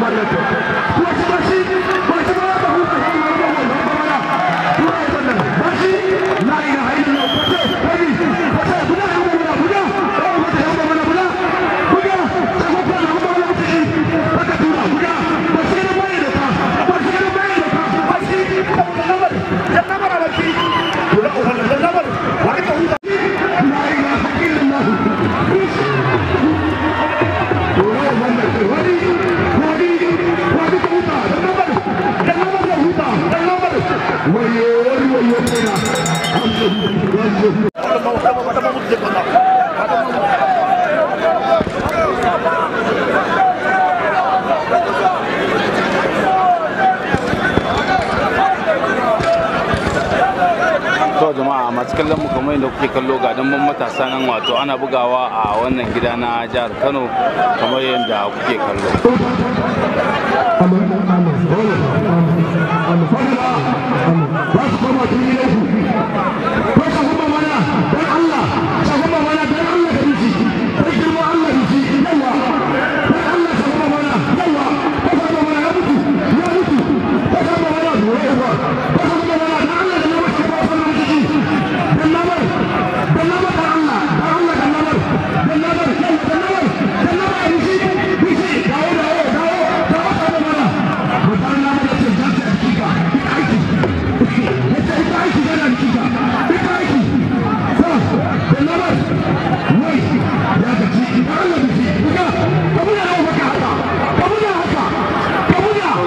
What's the kallon mu kamar yadda kuke kallo ga dan matasa nan wato ana bugawa a wannan gida na jihar Kano kamar yadda kuke kallo.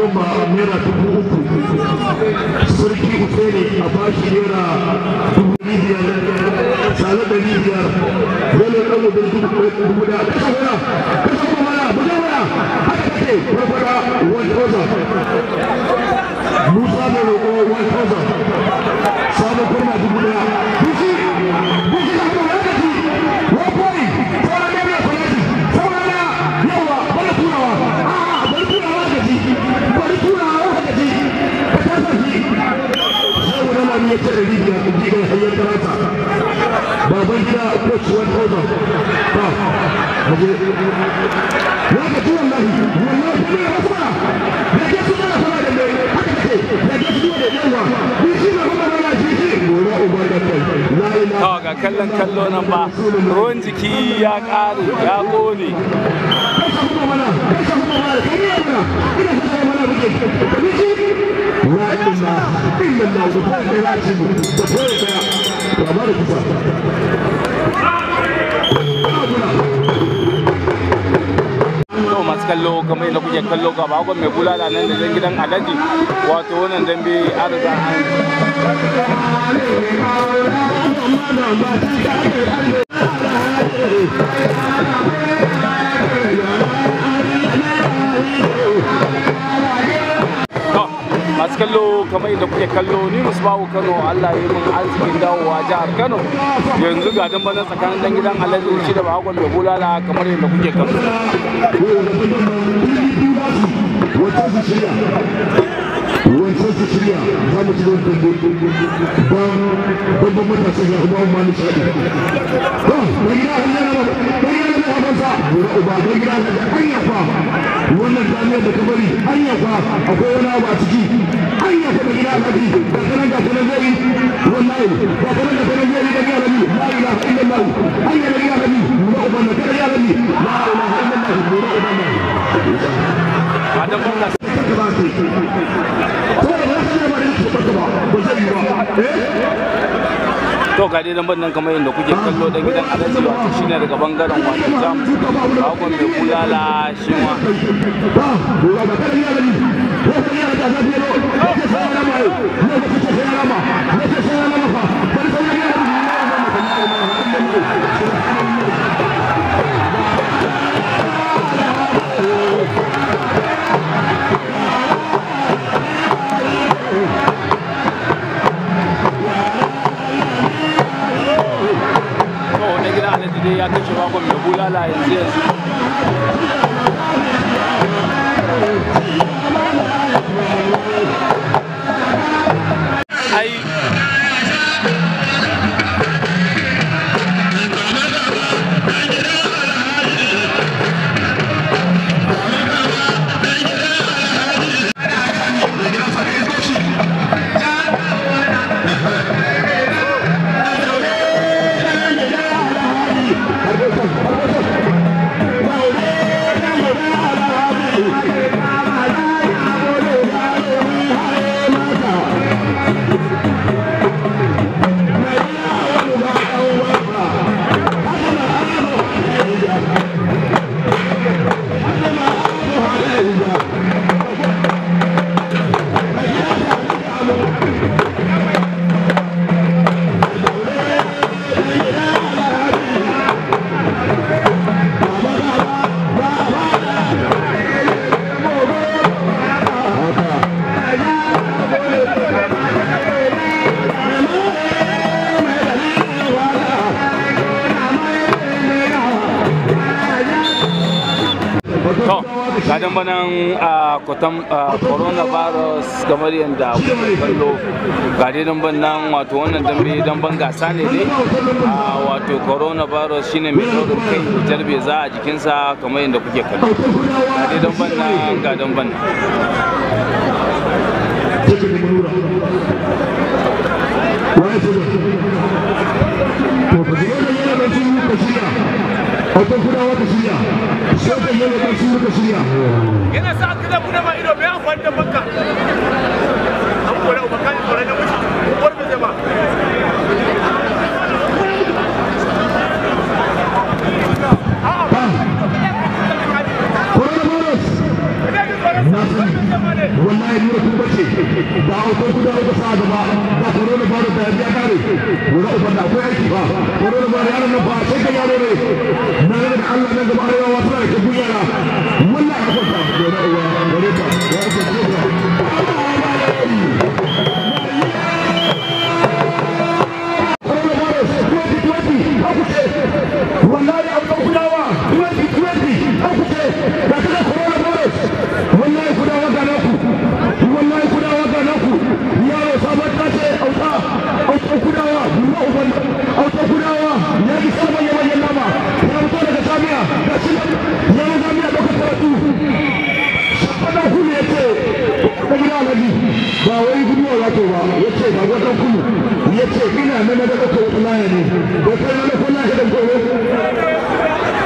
Aba naira dubu uku sarki a bashi naira dubu biyar tare da biyar wani ɗan dubu ya ce ɗari biyar kun ji gai hayyar tarata ya da ke su fara da mai haka ke su da yawa na ga kallon kallo nan ba ruwan jiki ya ƙare ya ƙone kallo kamar yadda kuke kallo gaba ko mai bulala nan da jan gidan alhaji wato wannan dambe an riga an kallo kamar yadda kuke kallo ni musbahu kano allah ya mun arzikin dawowa jihar kano yanzu ga dan bana tsakanin dan gidan alhaji shi da bakon da bulala kamar yadda kuke kallo wancan su shirya za mu ci zan tambo ban babban matasan ya kuma umar nishadi to da gida hanyar na ba da gida na ba sa wani uba da gida na da hanya fa wannan damiyar da ka bari hanya fa akwai wani abu a ciki hanya fa da gida na bi da kanan ga kanan zai yi wallahi ba kanan ga kanan zai yi da gida na bi la ilaha illallah hanya da gida na bi wani uba na kada ya rabi la ilaha illallah wani uba na ka ba su ko da to ga dai lambar nan kamar yadda kuke kallo dan gidan alhaji wato shine daga bangaren wani jam bakon mai kulala shi ma Oh, line. dan a korona coronavirus kamar yadda kuka kallo ga dai dan wato wannan dambe dan ban gasa ne ne wato coronavirus shine mai daurin kai cutar za a jikinsa kamar yadda kuke kallo ga dai dan banan ga dan hoton kudawa ka shirya sai da yana ka shirya yana sa kudawa ma ido bai amfani da banka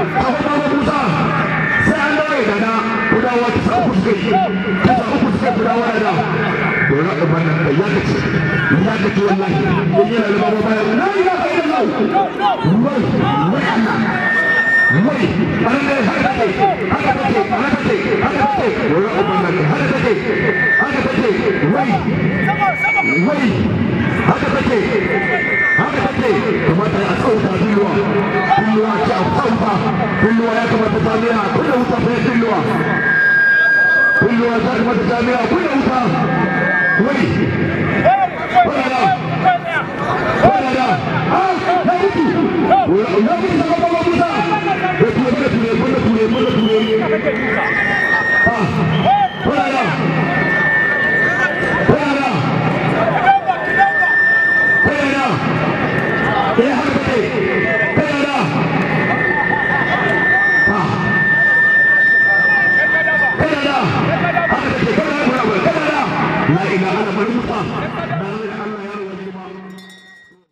ولا أبنى الطيارة لذلك والله إلينا لبابا لا إله إلا الله وي وحنا وي أنا لا هربتي هربتي هربتي هربتي ولا أبنى هربتي هربتي وي وي هربتي هربتي كما تأسوا تعديلها كل jami'a kuɗa wuta sai kulluwa kulluwa ta kuma ta jami'a kuɗa wuta wai kwanada kwanada ha ya mutu ya mutu ta kuma mutu ya ture ture ture ture ture ture ha kwanada